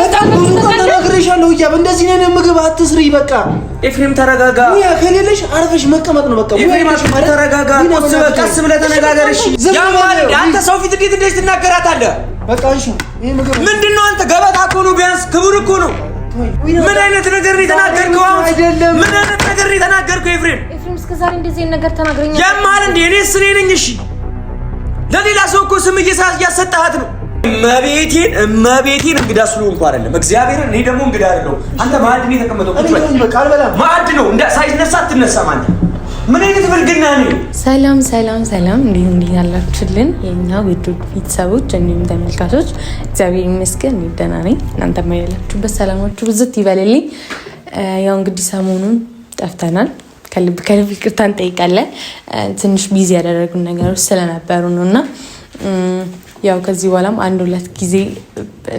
በጣም ብዙ ተናግሬሻለሁ። ህያብ እንደዚህ ነን ምግብ አትስሪ። በቃ ኤፍሬም ተረጋጋ። ሙያ ከሌለሽ አርፈሽ መቀመጥ ነው። በቃ ኤፍሬም ተረጋጋ። ቁስ ቀስ ብለህ ተነጋገር። እሺ አንተ ሰው ፊት እንዴት እንደዚህ ትናገራታለህ? በቃ እሺ። ይሄ ምግብ አንተ ገበጣ እኮ ነው፣ ቢያንስ ክቡር እኮ ነው። ምን አይነት ነገር ነው የተናገርከው? አሁን ምን አይነት ነገር ነው የተናገርከው? ኤፍሬም ኤፍሬም፣ እስከዛሬ እንደዚህ ነገር ተናግረኛ ያማል እንዴ? እኔ ስኔ ነኝ። እሺ ለሌላ ሰው እኮ ስም እያሰጣሃት ነው እመቤቴን እመቤቴን እንግዳ ስለሆንኩ አይደለም፣ እግዚአብሔርን እኔ ደግሞ እንግዳ አይደለሁም። አንተ ማዕድ ነው የተቀመጠው፣ ማዕድ ነው ሳይነሳ አትነሳም አንተ። ምን አይነት ብልግና ነው? ሰላም ሰላም ሰላም፣ እንዲሁ እንዲህ ያላችሁልን የኛ ውድ ቤተሰቦች እንዲሁም ተመልካቾች እግዚአብሔር ይመስገን ደህና ነኝ። እናንተ ያላችሁበት ሰላማችሁ ብዝት ይበልልኝ። ያው እንግዲህ ሰሞኑን ጠፍተናል። ከልብ ከልብ ይቅርታ እንጠይቃለን። ትንሽ ቢዚ ያደረጉን ነገሮች ስለነበሩ ነው እና ያው ከዚህ በኋላም አንድ ሁለት ጊዜ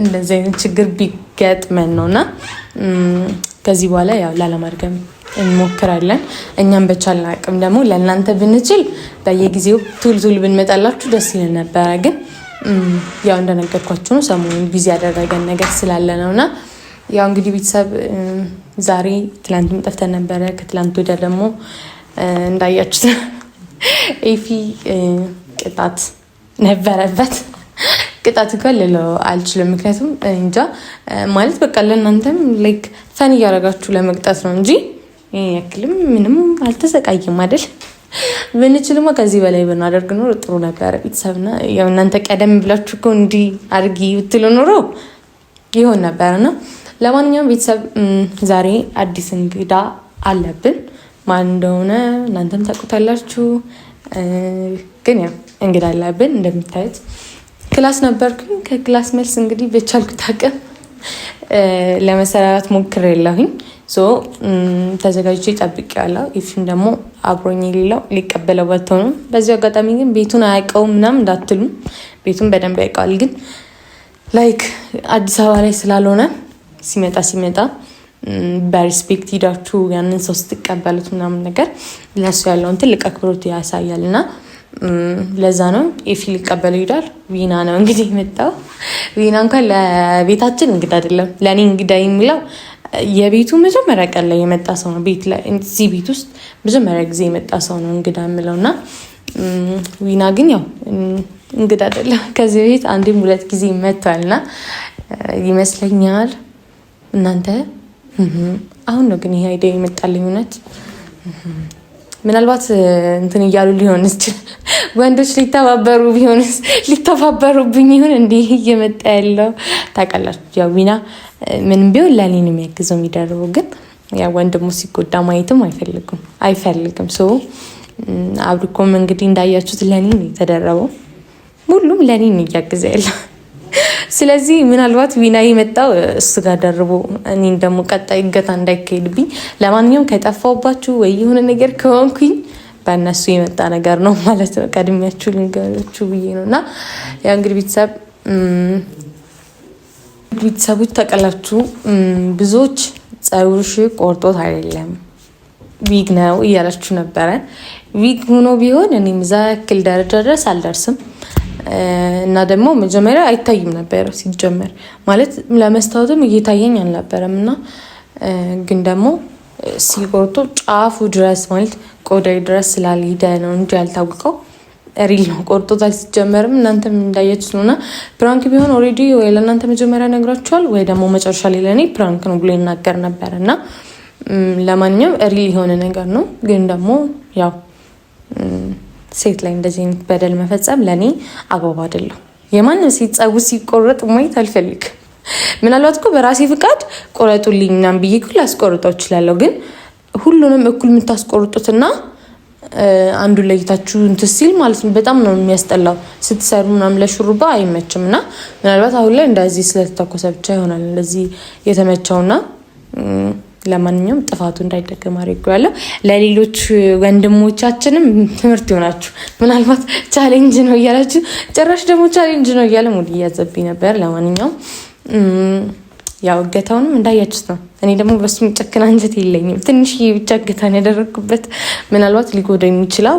እንደዚህ አይነት ችግር ቢገጥመን ነው እና ከዚህ በኋላ ያው ላለማድገም እንሞክራለን። እኛም በቻልን አቅም ደግሞ ለእናንተ ብንችል በየጊዜው ቱል ቱል ብንመጣላችሁ ደስ ይል ነበረ፣ ግን ያው እንደነገርኳችሁ ነው ሰሞኑን ቢዚ ያደረገን ነገር ስላለ ነው እና ያው እንግዲህ ቤተሰብ ዛሬ ትላንትም ጠፍተን ነበረ። ከትላንት ወዲያ ደግሞ እንዳያችሁት ኤፊ ቅጣት ነበረበት። ቅጣት እንኳን ልለው አልችልም። ምክንያቱም እንጃ ማለት በቃ ለእናንተም ላይክ ፈን እያደረጋችሁ ለመቅጣት ነው እንጂ ያክልም ምንም አልተሰቃይም አይደል? ብንችልማ ከዚህ በላይ ብናደርግ ኖሮ ጥሩ ነበረ። ቤተሰብና ያው እናንተ ቀደም ብላችሁ እኮ እንዲህ አድርጊ ብትሉ ኖሮ ይሆን ነበረና ለማንኛውም ቤተሰብ ዛሬ አዲስ እንግዳ አለብን። ማን እንደሆነ እናንተም ታውቁታላችሁ ግን ያው እንግዳ አለብን። እንደምታዩት ክላስ ነበርኩኝ። ከክላስ መልስ እንግዲህ በቻልኩት አቅም ለመሰራራት ሞክር የለሁኝ ተዘጋጅቼ ያለው ይፍም ደግሞ አብሮኝ የሌለው ሊቀበለው ወጥቶ በዚህ አጋጣሚ ግን ቤቱን አያውቀውም ምናምን እንዳትሉም፣ ቤቱን በደንብ ያውቀዋል። ግን ላይክ አዲስ አበባ ላይ ስላልሆነ ሲመጣ ሲመጣ በሪስፔክት ሂዳችሁ ያንን ሰው ስትቀበሉት ምናምን ነገር ለሱ ያለውን ትልቅ አክብሮት ያሳያል እና ለዛ ነው ኤፊ ሊቀበለው ይሄዳል። ዊና ነው እንግዲህ የመጣው። ዊና እንኳን ለቤታችን እንግዳ አይደለም፣ ለእኔ እንግዳ የሚለው የቤቱ መጀመሪያ ቀን ላይ የመጣ ሰው ነው። ቤት ላይ እዚህ ቤት ውስጥ መጀመሪያ ጊዜ የመጣ ሰው ነው እንግዳ የምለው እና ዊና ግን ያው እንግዳ አይደለም። ከዚህ ቤት አንድም ሁለት ጊዜ መጥቷል እና ይመስለኛል እናንተ አሁን ነው ግን ይሄ አይዲያ የመጣልኝ እውነት ምናልባት እንትን እያሉ ሊሆንስ ወንዶች ሊተባበሩ ቢሆንስ ሊተባበሩብኝ ይሁን እንዲህ እየመጣ ያለው ታውቃላችሁ። ያው ዊና ምንም ቢሆን ላሊን የሚያግዘው የሚደርበው ግን ወንድሞ ወንድሙ ሲጎዳ ማየትም አይፈልግም አይፈልግም። ሶ አብርኮም እንግዲህ እንዳያችሁት ለኒን የተደረበው ሁሉም ለኒን እያግዘ ያለው ስለዚህ ምናልባት ዊና የመጣው እሱ ጋር ደርቦ እኔን ደግሞ ቀጣይ እገታ እንዳይካሄድብኝ። ለማንኛውም ከጠፋውባችሁ ወይ የሆነ ነገር ከሆንኩኝ በእነሱ የመጣ ነገር ነው ማለት ነው። ቀድሚያችሁ ልንገሮቹ ብዬ ነው እና ያ እንግዲህ ቤተሰብ ቤተሰቦች ተቀላችሁ ብዙዎች ፀጉርሽ ቆርጦት አይደለም ዊግ ነው እያላችሁ ነበረ። ዊግ ሆኖ ቢሆን እኔም እዛ ያክል ደረጃ ድረስ አልደርስም። እና ደግሞ መጀመሪያ አይታይም ነበረ ሲጀመር ማለት ለመስታወትም እየታየኝ አልነበረም። እና ግን ደግሞ ሲቆርጡ ጫፉ ድረስ ማለት ቆዳ ድረስ ስላልሄደ ነው እንጂ ያልታወቀው ሪል ነው። ቆርጦታል ሲጀመርም እናንተም እንዳየችት ነው። እና ፕራንክ ቢሆን ኦልሬዲ ወይ ለእናንተ መጀመሪያ ነግራችኋል ወይ ደግሞ መጨረሻ ላይ ለእኔ ፕራንክ ነው ብሎ ይናገር ነበር። እና ለማንኛውም ሪል የሆነ ነገር ነው ግን ደግሞ ያው ሴት ላይ እንደዚህ አይነት በደል መፈጸም ለእኔ አግባብ አይደለም። የማንም ሴት ጸጉር ሲቆረጥ ማየት አልፈልግ። ምናልባት እኮ በራሴ ፍቃድ ቆረጡልኝ ምናምን ብዬ እኮ ላስቆርጠው እችላለሁ። ግን ሁሉንም እኩል የምታስቆርጡትና አንዱ ለይታችሁ እንትን ሲል ማለት ነው በጣም ነው የሚያስጠላው። ስትሰሩ ምናምን ለሹሩባ አይመችም። እና ምናልባት አሁን ላይ እንደዚህ ስለተተኮሰ ብቻ ይሆናል እንደዚህ የተመቸውና ለማንኛውም ጥፋቱ እንዳይደገም አድርጌዋለሁ። ለሌሎች ወንድሞቻችንም ትምህርት ይሆናችሁ። ምናልባት ቻሌንጅ ነው እያላችሁ ጭራሽ ደግሞ ቻሌንጅ ነው እያለ ሙድ እያዘብኝ ነበር። ለማንኛውም ያው እገታውንም እንዳያችሁት ነው። እኔ ደግሞ በሱ የሚጨክን አንጀት የለኝም። ትንሽ ብቻ እገታን ያደረግኩበት ምናልባት ሊጎዳ የሚችለው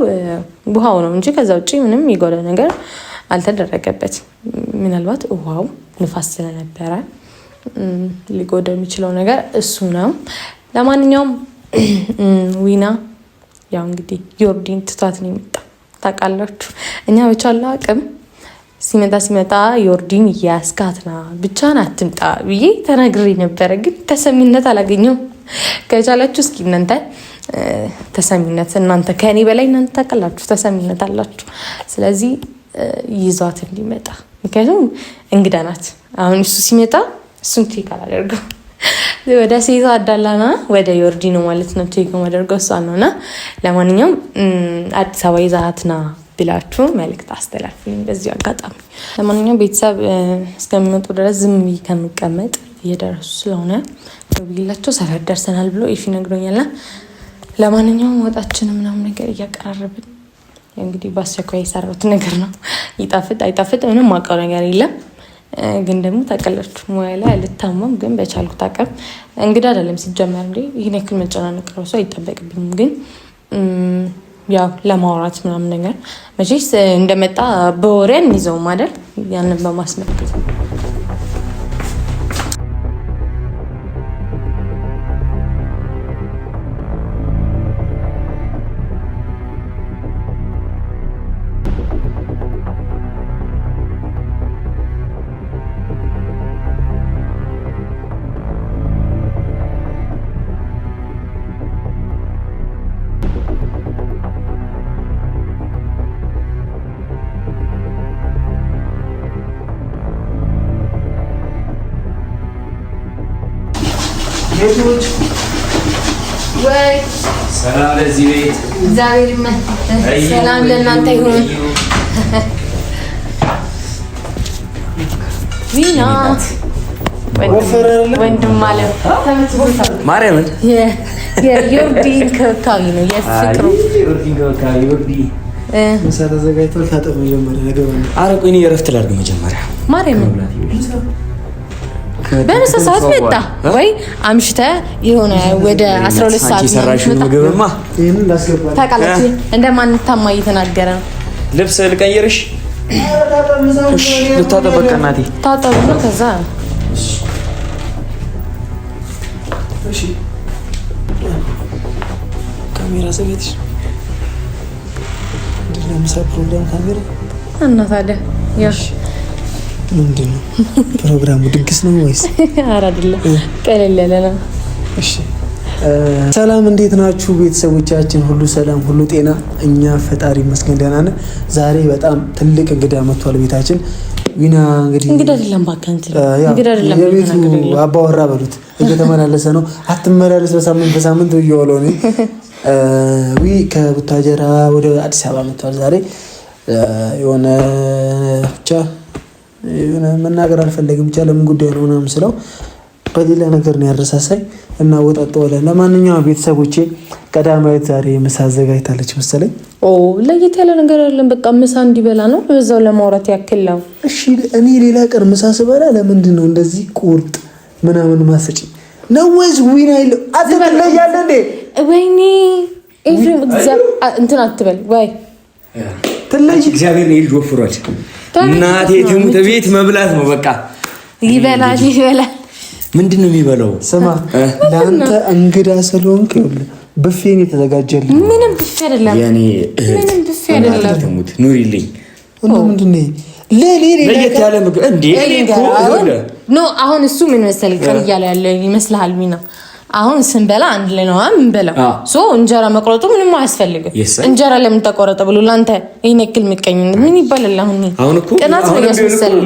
ውሃው ነው እንጂ ከዛ ውጭ ምንም የጎዳ ነገር አልተደረገበት። ምናልባት ውሃው ንፋስ ስለነበረ ሊጎዳ የሚችለው ነገር እሱ ነው። ለማንኛውም ዊና ያው እንግዲህ ዮርዲን ትቷት ነው የመጣ ታውቃላችሁ። እኛ በቻለ አቅም ሲመጣ ሲመጣ ዮርዲን እያስካትና ብቻን አትምጣ ብዬ ተናግሬ ነበረ፣ ግን ተሰሚነት አላገኘው ከቻላችሁ እስኪ እናንተ ተሰሚነት እናንተ ከእኔ በላይ እናንተ ታውቃላችሁ፣ ተሰሚነት አላችሁ። ስለዚህ ይዟት እንዲመጣ ምክንያቱም እንግዳ ናት። አሁን እሱ ሲመጣ እሱን ቴክ አላደርገው ወደ ሴቷ አዳላና ወደ ዮርዲ ነው ማለት ነው ቴክ ማደርገው እሷ ነው። እና ለማንኛውም አዲስ አበባ ይዛትና ብላችሁ መልእክት አስተላልፉልኝ በዚሁ አጋጣሚ። ለማንኛውም ቤተሰብ እስከሚመጡ ድረስ ዝም ብዬ ከምቀመጥ እየደረሱ ስለሆነ ደውዬላቸው ሰፈር ደርሰናል ብሎ ይፊ ነግሮኛልና ለማንኛውም ወጣችን ምናምን ነገር እያቀራረብን እንግዲህ በአስቸኳይ የሰራሁት ነገር ነው። ይጣፍጥ አይጣፍጥ ምንም ማውቀው ነገር የለም። ግን ደግሞ ተቀለች ሙያ ላይ አልታማም። ግን በቻልኩት አቅም እንግዲህ አይደለም ሲጀመር እንዲ ይህን ያክል መጨናነቅ ራሱ አይጠበቅብኝም። ግን ያው ለማውራት ምናምን ነገር መቼስ እንደመጣ በወሬ ይዘውም ማደል ያንን በማስመልከት ወይ ሰላም ለዚህ ቤት እግዚአብሔር ይመስገን። ሰላም ለእናንተ ይሁን። ዊና ወንድም አለም ማርያምን የዮርዲ እንክብካቤ ነው የፍቅሩ ተዘጋጅቶ ታጠብ መጀመሪያ አረቁ እኔ እረፍት ላድርግ መጀመሪያ ማርያምን በምሳ ሰዓት መጣ ወይ አምሽተ የሆነ ወደ 12 ሰዓት ሰራሽ ምግብማ ታውቃለች። እንደማንታማ እየተናገረ ነው። ልብስ ልቀይርሽ ልታጠብ፣ በቃ እናቴ ታጠብ ነው። ከዛ ካሜራ ሰቤትሽ እና ታዲያ ያው ምንድን ነው ፕሮግራሙ? ድግስ ነው ወይስ? ኧረ አይደለም፣ ቀለል ያለ ነው። እሺ ሰላም እንዴት ናችሁ ቤተሰቦቻችን? ሁሉ ሰላም፣ ሁሉ ጤና? እኛ ፈጣሪ ይመስገን ደህና ነን። ዛሬ በጣም ትልቅ እንግዳ መጥቷል ቤታችን። ዊና እንግዲህ እንግዳ አይደለም ባካንት የቤቱ አባወራ በሉት እየተመላለሰ ነው። አትመላለስ በሳምንት በሳምንት ነው። ዊ ከቡታጀራ ወደ አዲስ አበባ መጥቷል ዛሬ የሆነ ብቻ መናገር አልፈለግም ብቻ ለምን ጉዳይ ነው ምናምን ስለው በሌላ ነገር ነው ያረሳሳይ እና ወጣጥ ወለ ለማንኛውም ቤተሰቦቼ ቀዳማዊት ዛሬ ምሳ አዘጋጅታለች መሰለኝ። ለየት ያለ ነገር አለን። በቃ ምሳ እንዲበላ ነው በዛው ለማውራት ያክል ነው። እሺ እኔ ሌላ ቀን ምሳ ስበላ ለምንድን ነው እንደዚህ ቁርጥ ምናምን ማሰጭ ነው ወይስ ዊን አትበል አትበለያለ እንዴ? ወይኔ ኤፍሬም እንትን አትበል ወይ ትለይ እግዚአብሔር ነው ልጅ ወፍሯል። እናቴ ትሙት ቤት መብላት ነው በቃ ይበላል ይበላል። ምንድን ነው የሚበላው? ስማ ለአንተ እንግዳ ስለሆንክ ብፌ ነው የተዘጋጀልኝ። ምንም ብፌ አይደለም የኔ እህት፣ እናቴ ትሙት ኑሪልኝ። ምንድን ነው ለየት ያለ ምግብ እንዴ? ኖ አሁን እሱ ምን መሰል ቀር እያለ ያለ ይመስልሃል ሚና አሁን ስንበላ አንድ ላይ ነው ምንበላው። እንጀራ መቁረጡ ምንም አያስፈልግም። እንጀራ ለምን ተቆረጠ ብሎ ለአንተ ይህን ያክል የሚቀኝነት ምን ይባላል? አሁን ቅናት ነው ያስመሰለኝ።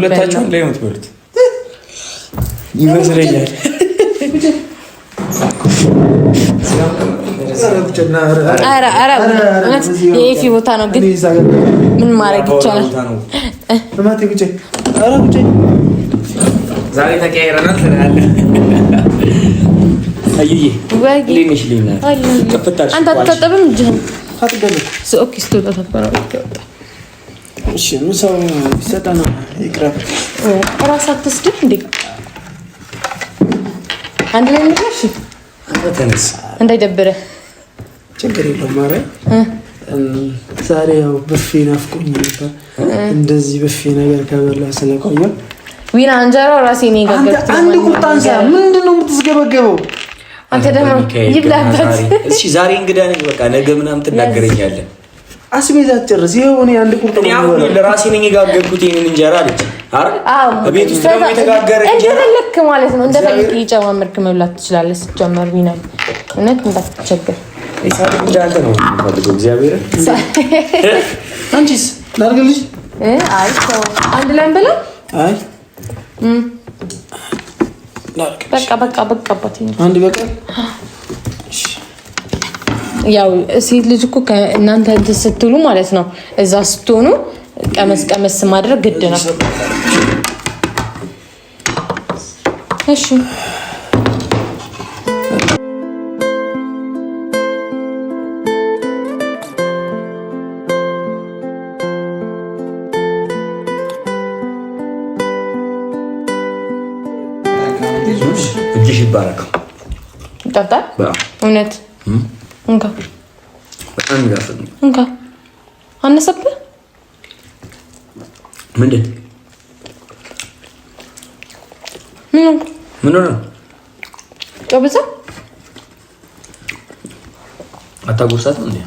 የኤፊ ቦታ ነው ግን ምን ማድረግ ይቻላል? ዛሬ ተቀያይረናል። አዩዬ አንድ ላይ እንዳይደብረህ ችግር የለውም። ዛሬ ያው ብፌ ናፍቆኝ ነበር። እንደዚህ ብፌ ነገር ከበላ ስለቆየ ዊና እንጀራው ራሴ ነው የጋገርኩት። አንድ ቁጣ ምንድን ነው የምትዝገበገበው? አንተ ደግሞ ይብላበት። እሺ ዛሬ እንግዳ ነኝ፣ በቃ ነገ ምናምን ትናገረኛለህ። አስቤዛ ጨርስ። ይኸው አንድ ቁርጥ ነው ለራሴ ነኝ የጋገርኩት ይሄንን እንጀራ አለች። ቤት ውስጥ ደግሞ የተጋገረ እንደፈለክ ማለት ነው፣ እንደፈለክ እየጨማመርክ መብላት ትችላለህ። ስትጀመር ቢናል እውነት እንዳትቸገር እንዳንተ ነው የምፈልገው። እግዚአብሔር አንቺስ ላድርግልሽ? አይ አንድ ላይ እንበላ። አይ በቃ በቃ በቃ አባቴ አንድ ያው ሴት ልጅ እኮ ከእናንተ እንትን ስትሉ ማለት ነው፣ እዛ ስትሆኑ ቀመስ ቀመስ ማድረግ ግድ ነው። እሺ ይባረክ። ይጣፍጣል። እውነት እንካ፣ በጣም ይጋፍ። እንካ፣ አነሰብህ ምንድን ምን ሆነ? ጨብዛ አታጎርሳትም እንዴ?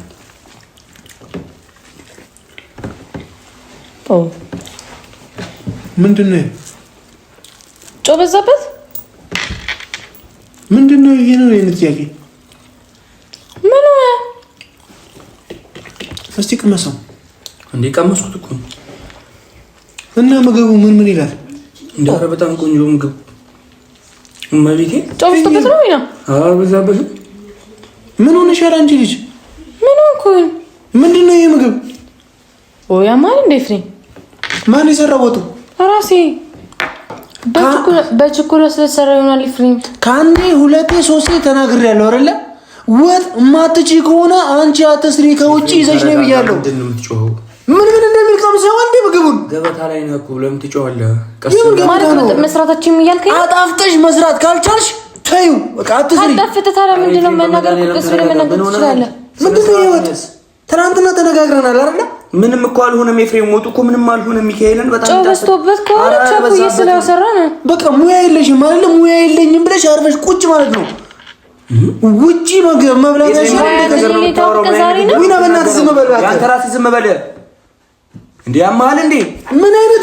ምንድን ነው በዛበት? ነው ይሄ ነው የኔ ጥያቄ። ምን ነው እስቲ ቅመሰው። እንዴ ቀመሱት እኮ እና ምግቡ ምን ምን ይላል? እንደ ኧረ በጣም ቆንጆ ምግብ እመቤቴ። ጨው ነው ይና አረ ምን ሆነሽ ኧረ አንቺ ልጅ ምን ሆንኩኝ? ምንድን ነው ይሄ ምግብ? ኦ ያማል እንዴ ፍሬ፣ ማን የሰራው ወጡ? ራሴ በችኮላ ስለተሰራ ይሆናል። ፍሬም ከአንዴ ሁለቴ ሶስቴ ተናግሬያለሁ አይደለ? ወጥ ማትጪ ከሆነ አንቺ አትስሪ ከውጭ ይዘሽ ነው ብያለሁ። ምን ምን እንደሚል ቀምሰው አንዴ ምግቡን ገበታ ላይ ነው እኮ ለምን ትጮዋለህ? መስራታችን እያልከኝ አጣፍጠሽ መስራት ካልቻልሽ ተዩ በቃ አትስሪ። አጣፍጥ ታዲያ ምንድን ነው መናገር? ምንድን ነው ይወጥ ትናንትና ተነጋግረናል አይደለ? ምንም እኮ አልሆነም። ኤፍሬም ሞቱ እኮ ምንም አልሆነም። ሚካኤልን በጣም ነው። በቃ ሙያ የለሽም ማለት ሙያ የለኝም ብለሽ አርፈሽ ቁጭ ማለት ነው። ውጪ መብላት ምን አይነት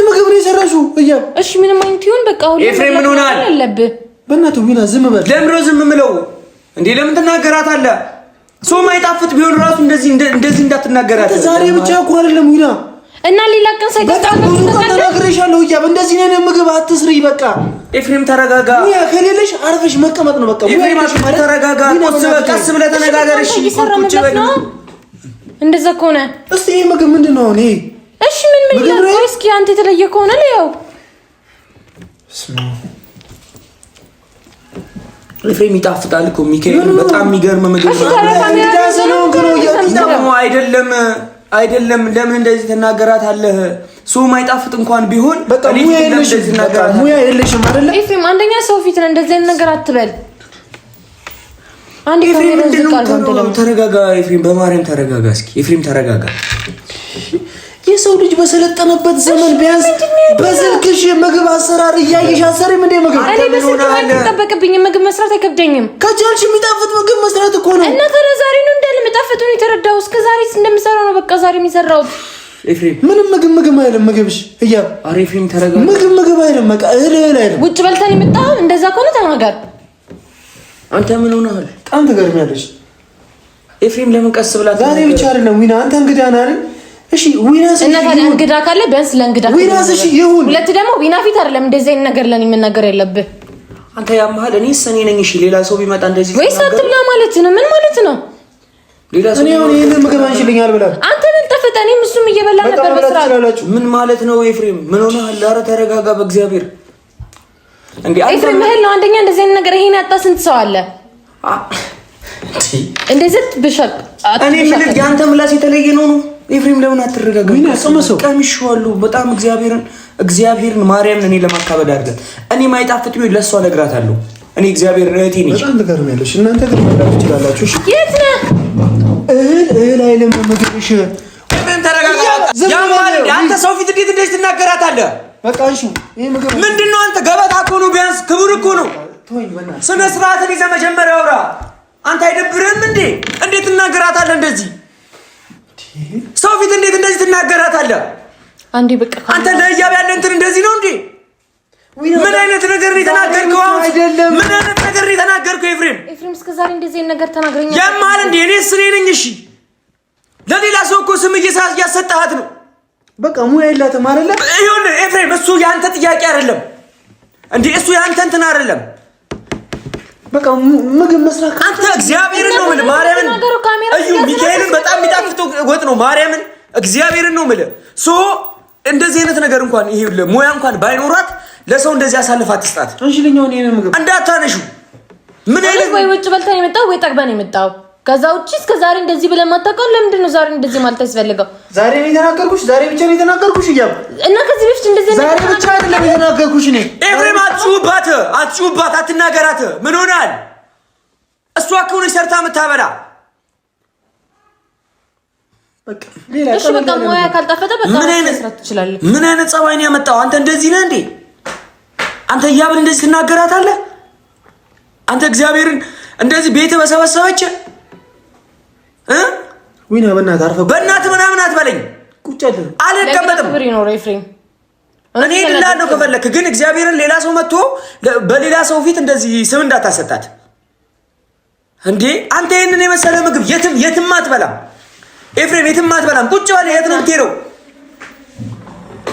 ምግብ ነው የሰራሽው? እያ እሺ፣ ምንም አይነት ይሁን በቃ ሁሉ ኤፍሬም ምን ሆናል? በእናትህ ዝም በል። ዝም ምለው እንዴ? ለምን ትናገራታለህ? ሰው ማይጣፍጥ ቢሆን ራሱ እንደዚህ እንደዚህ እንዳትናገራት። ዛሬ ብቻ እኮ አይደለም ይላ እና ሌላ ቀን በጣም ብዙ ቀን ተናግሬሻለሁ። እያብ እንደዚህ ነን ምግብ አትስሪ። በቃ ኤፍሬም ተረጋጋ። ዊና ከሌለሽ አርፈሽ መቀመጥ ነው። በቃ ኤፍሬም ተረጋጋ። ቀስ ብለህ ተነጋገር። እሺ ቁጭ በል። እንደዛ ከሆነ እስቲ ይሄ ምግብ ምንድን ነው? እኔ እሺ ምን ምን ይላል? እስኪ አንተ የተለየ ከሆነ ለያው ፍሬም ይጣፍጣል እኮ ሚካኤል፣ በጣም የሚገርም ምግብ ነው። አይደለም አይደለም፣ ለምን እንደዚህ ትናገራት አለህ? ሱም አይጣፍጥ እንኳን ቢሆን ሙያ የለሽም አይደለም? ኤፍሬም፣ አንደኛ ሰው ፊት ነው እንደዚህ ነገር አትበል። አንድ ተረጋጋ ኤፍሬም፣ በማርያም ተረጋጋ። እስኪ ኤፍሬም ተረጋጋ። የሰው ልጅ በሰለጠነበት ዘመን ቢያንስ በስልክሽ የምግብ አሰራር እያየሽ አሰሪ ምን ምግብ እኔ በስልክ አይጠበቅብኝ ምግብ መስራት አይከብደኝም። ከቻልሽ የሚጣፍጥ ምግብ መስራት እኮ ነው። እና ታዲያ ዛሬ ነው እንዳለመጣፈጥ ነው የተረዳው። እስከ ዛሬ እንደምሰራው ነው በቃ ዛሬ የሚሰራው ምንም ምግብ ምግብ አይልም። ምግብሽ እያ አሪፍም ተረጋ ምግብ ምግብ አይልም። በቃ እህል እህል አይልም። ውጭ በልተን የመጣኸው እንደዛ ከሆነ ተናገር። አንተ ምን ሆነሃል? በጣም ትገርሚያለሽ ኤፍሬም። ለምን ቀስ ብላ ዛሬ ብቻ አይደለም ዊና አንተ እንግዲህ አናልን እሺ ዊናስ እና ታዲያ እንግዳ ካለ ቢያንስ ለእንግዳ ዊናስ እሺ ይሁን። ሁለት ደግሞ ዊና ፊት አይደለም እንደዚህ አይነት ነገር ለኔ መናገር ያለብህ አንተ ያማሃል። እኔ ሰኔ ነኝ። እሺ ሌላ ሰው ቢመጣ እንደዚህ ወይስ አትብላ ማለት ነው? ምን ማለት ነው? ሌላ ሰው ነው ምን ምግብ አንሽልኛል ብላ አንተ ምን ተፈጠኔ? እሱም እየበላ ነበር በስራ። ምን ማለት ነው ኤፍሬም? ምን ሆነሃል? ኧረ ተረጋጋ በእግዚአብሔር። እንዴ ኤፍሬም ምህል ነው አንደኛ። እንደዚህ አይነት ነገር ይሄን ያጣ ስንት ሰው አለ እንደዚህ ብሻል። እኔ ምን ያንተ ምላስ የተለየ ነው ነው ኤፍሬም ለምን አትረጋግም? ቀምሼዋለሁ በጣም እግዚአብሔርን እግዚአብሔርን ማርያምን እኔ ለማካበድ አድርገን እኔ ማይጣፍጥ ቢሆን ለእሷ እነግራታለሁ። እኔ እግዚአብሔር እህቴ ነኝ። በጣም ትገርሚያለሽ እናንተ ግን መዳፍ ትችላላችሁ። የት ነህ? እህል እህል አይልም ያማል አንተ ሰው ፊት እንዴት እንደዚህ ትናገራታለህ? በቃ እሺ፣ ይሄ ምግብ ምንድን ነው? አንተ ገበታ እኮ ነው፣ ቢያንስ ክብር እኮ ነው። ስነ ስርዓትን ይዘህ መጀመሪያ አውራ። አንተ አይደብርህም እንዴ? እንዴት ትናገራታለህ እንደዚህ? ሰው ፊት እንዴት እንደዚህ ትናገራታለህ? አንዴ በቃ አንተ ለህያብ ያለ እንትን እንደዚህ ነው እንዴ? ምን አይነት ነገር ነው የተናገርከው? አሁን ምን አይነት ነገር ነው የተናገርከው? ኤፍሬም ኤፍሬም እስከዛሬ እንደዚህ ነገር ተናግረኛል ያማል እንዴ? እኔ ስኔ ነኝ። እሺ ለሌላ ሰው እኮ ስም እያሰጠሃት ነው። በቃ ሙያ የላትም አይደለ? ይሁን ኤፍሬም፣ እሱ ያንተ ጥያቄ አይደለም እንዴ? እሱ ያንተ እንትን አይደለም በቃ ምግብ መስራት አንተ እግዚአብሔርን ነው የምልህ። ማርያምን እዩ ሚካኤልን በጣም የሚጣፍጥ ወጥ ነው። ማርያምን እግዚአብሔርን ነው የምልህ። ሶ እንደዚህ አይነት ነገር እንኳን ይሄ ሙያ እንኳን ባይኖራት ለሰው እንደዚህ አሳልፋ አትስጣት። እሺ፣ ለኛው ነው ምግብ እንዳታነሹ። ምን አይነት ወይ ውጭ በልተን የመጣው ወይ ጠግበን የመጣው ከዛ ውጪ እስከ ዛሬ እንደዚህ ብለን ማታውቀው ለምንድን ነው ዛሬ እንደዚህ ማለት ያስፈልገው? ዛሬ ነው የተናገርኩሽ፣ ዛሬ ብቻ ነው የተናገርኩሽ እያልኩ እና ከዚህ በፊት እንደዚህ ዛሬ ብቻ አይደለም የተናገርኩሽ እኔ። ኤፍሬም አትጩባት፣ አትጩባት፣ አትናገራት። ምን ሆናል? እሷ ከሆነ ሰርታ የምታበላ እሺ፣ በቃ ሙያ ካልጣፈጠ በቃ ምን አይነት ምን አይነት ጸባይ ነው ያመጣው? አንተ እንደዚህ ነህ እንዴ? አንተ እያብን እንደዚህ ትናገራታለህ? አንተ እግዚአብሔርን እንደዚህ ቤተ በሰበሰበች በእናትህ ምናምን አትበለኝ። አልቀመጥም። እኔ ልልሀለሁ ከፈለክ ግን እግዚአብሔርን ሌላ ሰው መጥቶ በሌላ ሰው ፊት እንደዚህ ስም እንዳታሰጣት እንዴ! አንተ ይህንን የመሰለ ምግብ የትም የትም አትበላም ኤፍሬም፣ የትም አትበላም። ቁጭ በል። የት ነው የምትሄደው?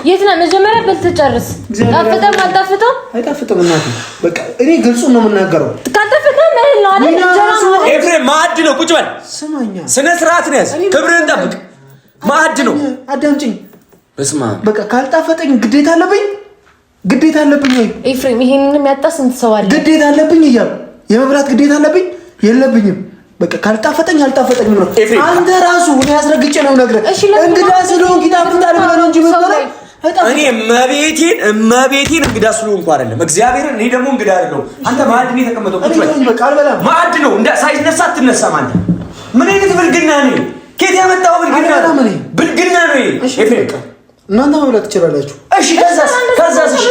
የት ነህ? መጀመሪያ በልተህ ጨርስ። ጣፍጠም አልጣፍጠም አይጣፍጥም። እናቴ በቃ እኔ ግልጹ ነው የምናገረው። ካልጣፍጠህ መሄድ ነው አይደል? ኤፍሬም ማዕድ ነው። ቁጭ በል። ስማኛ፣ ስነ ስርዓት ነው ያዝ። ክብርህን ጠብቅ። ማዕድ ነው። አዳምጪኝ። በስማ በቃ ካልጣፈጠኝ ግዴታ አለብኝ ግዴታ አለብኝ ወይ ኤፍሬም? ይሄንንም ያጣ ስንት ሰው አለ። ግዴታ አለብኝ እያሉ የመብላት ግዴታ አለብኝ የለብኝም በቃ ካልጣፈጠኝ አልጣፈጠኝም ነው። አንተ ራሱ እኔ አስረግጬ ነው ነግረህ እንግዳ ስለሆንክ ይጣፍጣል ብለህ ነው እንጂ እኔ እመቤቴን እመቤቴን እንግዳ ስለሆንኩ አይደለም። እግዚአብሔርን እኔ ደግሞ እንግዳ አይደለሁም። አንተ ማዕድ ነው የተቀመጠው። ቁጭ በል ማዕድ ነው እንደ ሳይነሳ አትነሳም። አንተ ምን አይነት ብልግና ነው? ከየት ያመጣው ብልግና ነው? ብልግና ነው ይሄ። እናንተ መብላት ትችላላችሁ። እሺ ከዛስ ከዛስ እሺ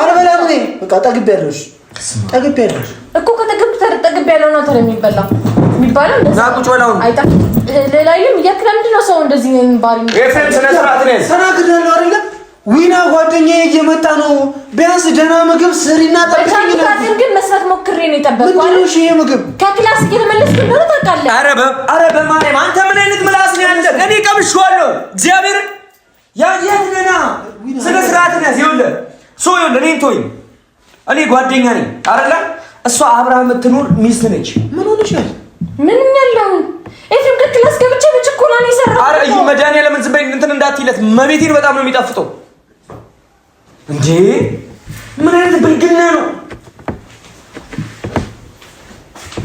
አልበላም እኔ በቃ ጠግቤያለሁ። እሺ ጠግቤያለሁ እኮ ከተግብ ተር ጠግቤያለሁ ነው ተረሚበላ የሚባለው ነው። ሰው እንደዚህ ዊና ጓደኛ እየመጣ ነው። ቢያንስ ደህና ምግብ ስሪና ጠብቂኝ። ግን መስራት ሞክሬ ነው የጠበቅኩት። ምንድን ነው ምግብ ከክላስ እየተመለስክ እንደሆነ ታውቃለህ። ኧረ ኧረ በማርያም አንተ ምን አይነት ምላስ ነው ያለ? እኔ ቀምሼዋለሁ። እግዚአብሔር ያየት ነና ስነ ስርዓት ነው ያዘውለ ሶ ይወለ እኔ እንቶኝ እኔ ጓደኛ ነኝ አይደለ? እሷ አብራ የምትኖር ሚስት ነች። ምን ሆነሻል? ምንም ያለው! ኤፍሬም ልክ ላስገብቼ በችኮላ ነው መድኃኒዓለም ዝም በይ እንትን እንዳትይለት መቤቴን በጣም ነው የሚጣፍጠው። እንዴ ምን አይነት ብልግና ነው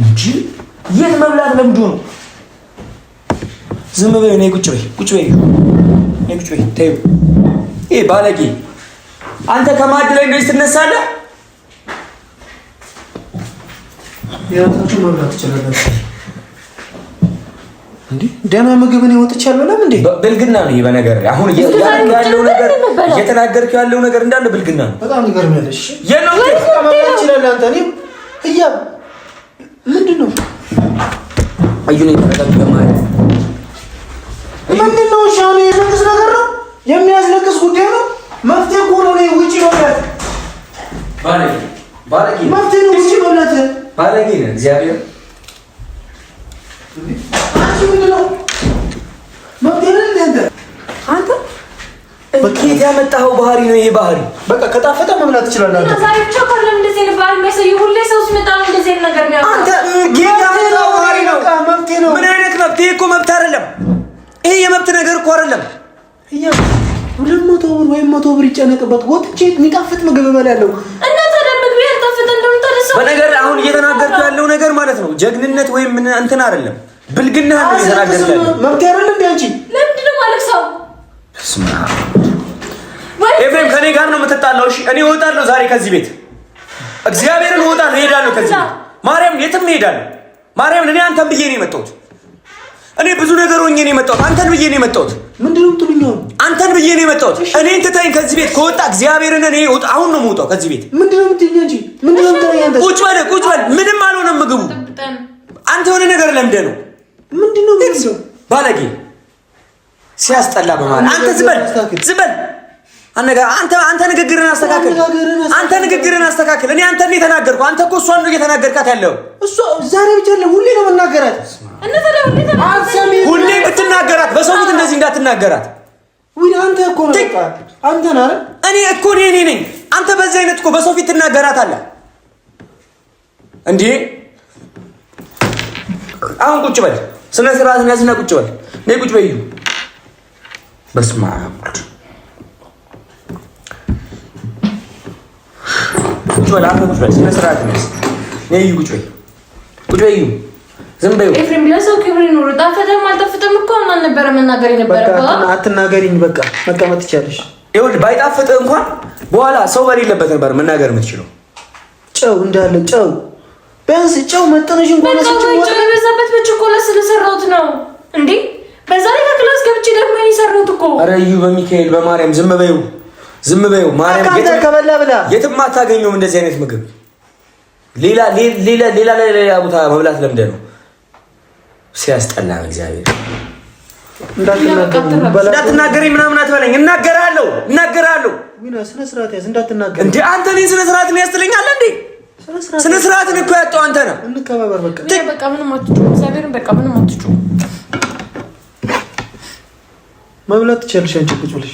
እንጂ የት መብላት ለምዱ ነው። ዝም በይ እኔ ቁጭ በይ ቁጭ በይ ቁጭ በይ ተይው። ይሄ ባለጌ አንተ ከማድ ላይ እንደዚህ ትነሳለህ። የራሳችሁ መብላት ትችላላችሁ። ደህና ምግብ ነው ወጥቼ አልበላም እንዴ? ብልግና ነው በነገር አሁን ያለው ነገር እየተናገርከው ያለው ነገር እንዳለ ብልግና ነው። በጣም ይገርምልሽ። የለው ይችላል አንተ እያ ምንድን ነው አዩ ነው ምንድን ነው? ነገር ነው የሚያስለቅስ ጉዳይ ነው። መፍትሄ እኮ ነው ነው ውጪ መብላት ባለጌ ባለጌ መፍትሄ ነው ውጪ መብላት ባለጌ ነው እግዚአብሔር ከየት ያመጣኸው ባህሪ ነው ይሄ ባህሪ? በቃ ከጣፈጠ መብላት ትችላለህ። አንተ አይነት ነው ምን አይነት መብት? ይሄ እኮ መብት አይደለም። ይሄ የመብት ነገር እኮ አይደለም። ሁለት መቶ ብር ወይም መቶ ብር ይጨነቅበት ወጥቼ የሚጣፍጥ ምግብ እበላለሁ። በነገር አሁን እየተናገርክ ማለት ነው። ጀግንነት ወይም ምን እንትን አይደለም፣ ብልግና ነው የተናገርከው። መብት አይደለም ቢያንቺ አንቺ? ለምንድን ነው ማለት ሰው ኤፍሬም ከኔ ጋር ነው የምትጣላው? እሺ እኔ እወጣለሁ ዛሬ ከዚህ ቤት እግዚአብሔርን እወጣለሁ፣ እሄዳለሁ ከዚህ ቤት ማርያም፣ የትም እሄዳለሁ ማርያም። እኔ አንተም ብዬ ነው የመጣሁት እኔ ብዙ ነገር ሆኜ ነው የመጣሁት። አንተን ብዬ ነው የመጣሁት። ምንድነው የምትሉኝ? አንተን ብዬ ነው የመጣሁት። እኔ እንትታኝ ከዚህ ቤት ከወጣ እግዚአብሔርን እኔ ወጣ አሁን ነው የምወጣው ከዚህ ቤት። ምንድነው የምትሉኝ እንጂ ምንድነው የምትሉኝ? አንተ ቁጭ በል ቁጭ በል። ምንም አልሆነም ምግቡ። አንተ የሆነ ነገር ለምደህ ነው። ምንድነው ባለጌ ሲያስጠላ በማለት አንተ ዝም በል ዝም በል አንተ አንተ ንግግርን አስተካክል። አንተ ንግግርን አስተካክል። እኔ አንተ ነው የተናገርኩ። አንተ እኮ እሷን ነው እየተናገርካት ያለው። እሷ ዛሬ ብቻ ነው ሁሌ ነው መናገራት። ሁሌ ብትናገራት በሰው ፊት እንደዚህ እንዳትናገራት። ወይ አንተ እኮ ነው አንተ ነህ። እኔ እኮ እኔ እኔ ነኝ። አንተ በዚህ አይነት እኮ በሰው ፊት ትናገራት አለ እንዴ? አሁን ቁጭ በል። ስነ ስርዓትን ያዝና ቁጭ በል። ነይ ቁጭ በይ። በስመ አብ በል አንተ ቁጭ በል፣ ስነ ስርዓት ይነስ ነይ ቁጭ በይ ቁጭ በይ ዝም በይ። ኤፍሬም ለሰው ክብር ይኑር። ጣፈተም አልጣፍጥም እኮ እና ነበር መናገር የነበረው። አትናገሪኝ፣ በቃ መቀመጥ ትቻለሽ። ይኸውልህ ባይጣፍጥ እንኳን በኋላ ሰው በሌለበት ነበር መናገር የምትችለው። ጨው እንዳለ ጨው ቢያንስ ጨው መጠነሽ እንኳን ሰጭ የበዛበት በችኮላ ስለሰራሁት ነው እንዴ። በዛ ላይ ከክላስ ገብቼ ደግሞ የሰራሁት እኮ። ኧረ እዩ በሚካኤል በማርያም ዝም በይው። ዝም በይው ማርያም፣ ከበላ ብላ የትም አታገኘውም እንደዚህ አይነት ምግብ። ሌላ ሌላ ሌላ ሌላ ቦታ መብላት ለምደ ነው። ሲያስጠላ እግዚአብሔር። እንዳትናገሪ ምናምን አትበለኝ። እናገራለሁ እናገራለሁ። ስነ ስርዓት ያዝ። እንዳትናገር እንዴ አንተ ነኝ። ስነ ስርዓት ነው ያስጥለኛል እንዴ ስነ ስርዓትን እኮ ያጣው አንተ ነህ። እንከባበር በቃ። በቃ ምንም አትጩህ፣ እግዚአብሔርን በቃ ምንም አትጩህ። መብላት ትችያለሽ አንቺ ቁጭ ብለሽ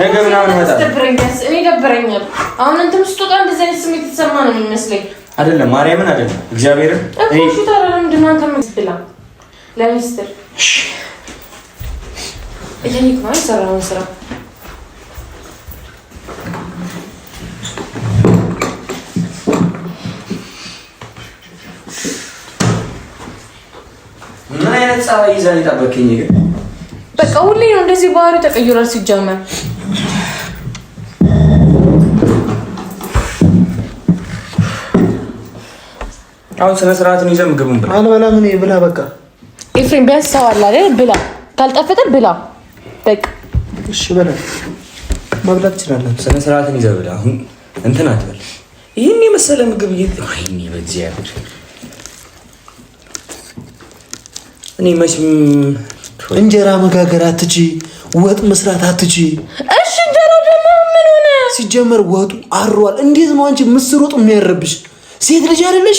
ነገ ምናምን ይመጣል። እኔ ደብረኛል። አሁን እንትን ስትወጣ እንደዚህ አይነት ስሜት የተሰማ ነው የሚመስለኝ። አይደለም ማርያምን፣ አይደለም እግዚአብሔርን ምን አይነት ፀባይ ይዛ የጠበቀኝ ግን በቃ ሁሌ ነው እንደዚህ ባህሪ ተቀይሯል ሲጀመር አሁን ስነ ስርዓትን ይዘህ ምግቡን ብላ። አልበላም እኔ ብላ። በቃ ኤፍሬም ቢያንስ ሰው አለ አይደል? ብላ። ካልጣፈጠ ብላ። በቃ እሺ በላ። መብላት ትችላለህ። ስነ ስርዓትን ይዘህ ብላ። አሁን እንትን አትበል። ይህን የመሰለ ምግብ እየት ወይኔ፣ በዚህ ያሉት እኔ መቼም እንጀራ መጋገር አትችይ፣ ወጥ መስራት አትችይ ሲጀመር ወጡ አሯል። እንዴት ነው አንቺ ምስር ወጥ የሚያረብሽ? ሴት ልጅ አይደለሽ?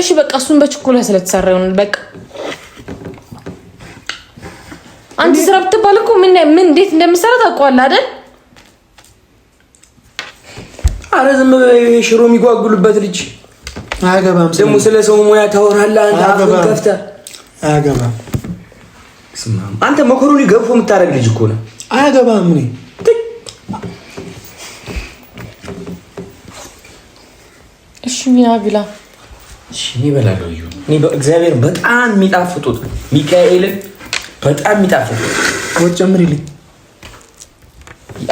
እሺ በቃ እሱን በችኮላ ስለተሰራ ይሆናል። በቃ አንቺ ስራ ብትባል እኮ ምን ምን እንዴት እንደምሰራ ታውቀዋለህ አይደል? አረ ዝም በይ ሽሮ የሚጓጉሉበት ልጅ አያገባም። ደግሞ ስለ ሰው ሙያ ታወራለህ አንተ አፍን ከፍተህ። አያገባም። አንተ መኮሮኒ ገፎ የምታረግ ልጅ እኮ ነው። አያገባም እኔ ቢና ቢላ እኔ እበላለሁ። እኔ እግዚአብሔር በጣም የሚጣፍጡት ሚካኤልን በጣም የሚጣፍጡት ወጥ ጨምሪልኝ።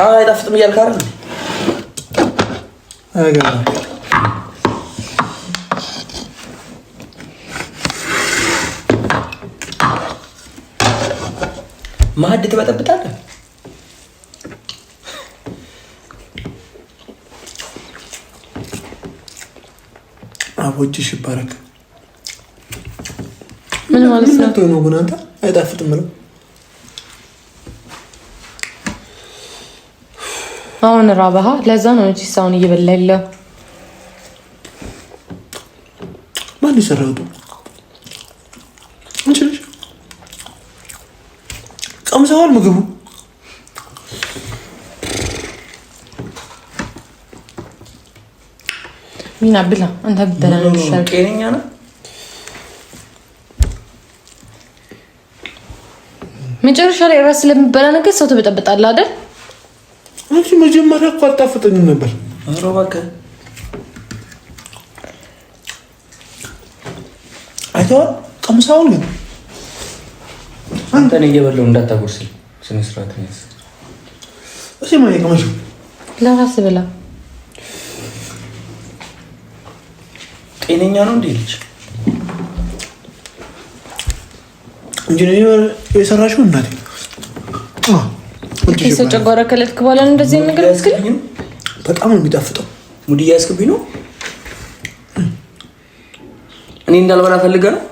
አሁን አይጣፍጥም እያልክ አይደል? ማዕድ ትበጠብጣለህ ወጭሽ ይባረክ። ምን ማለት ነው ግን አንተ አይጣፍጥም ነው? አሁን ራበሃ። ለዛ ነው እንጂ ሳውን እየበላ የለ ማን ይሰራው? ቀምሰዋል ምግቡ ሚና ብላ አንተ ብትበላ ጤነኛ ነው። መጨረሻ ላይ ራስ ስለሚበላ ነገር ሰው ትበጠብጣለህ አይደል? አንቺ መጀመሪያ እኮ አጣፍጠኝም ነበር። አይተኸዋል። ቀምሳውን ግን አንተን እየበላሁ እንዳታጎርስል ስነ ስርዓት ለራስ ብላ ጤነኛ ነው እንዴ ልጅ? ኢንጂነር የሰራሽው እናቴ ሰው ጨጓራ ከለትክ በኋላ እንደዚህ ነገር በጣም ነው የሚጣፍጠው። ሙድ እያስክብኝ ነው። እኔ እንዳልበላ ፈልገ ነው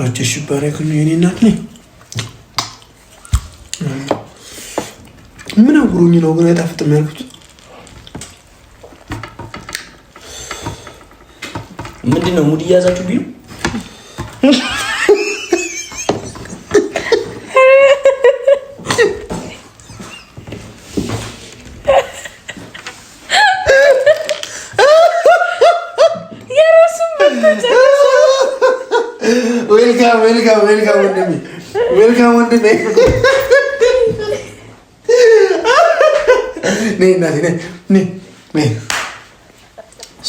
ራቸሽ ባሪክ የኔ እናት ነኝ። ምን አጉሮኝ ነው ግን አይጣፍጥም ያልኩት ምንድን ነው ሙድ እያያዛችሁ ቢሉ ዌልካም ወንድሜ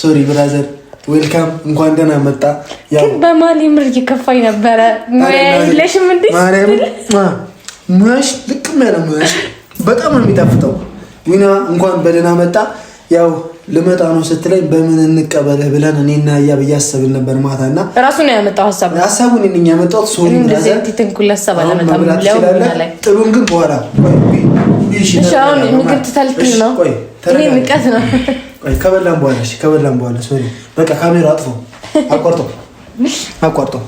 ሶሪ ብራዘር ዌልካም እንኳን ደህና መጣ። ግን በማል ምር እየከፋኝ ነበረ። ለሽም እንዴ ሙያሽ ልቅም ያለ ሙያሽ በጣም ነው የሚጣፍጠው። ዊና እንኳን በደህና መጣ። ያው ልመጣ ነው ስትለኝ በምን እንቀበልህ ብለን እኔና እያ ብያሰብን ነበር ማታ እና ራሱ ነው ያመጣው ሀሳብ ሀሳቡን እኔ ያመጣሁት ሶሪ ጥሉን ግን በኋላ ይሽ አሁን ምግብ ትተልክል ነው ይሄ ንቀት ነው ከበላም በኋላ እሺ፣ ከበላም በኋላ ሶሪ። በቃ ካሜራ አጥፎ አቋርጦ አቋርጦ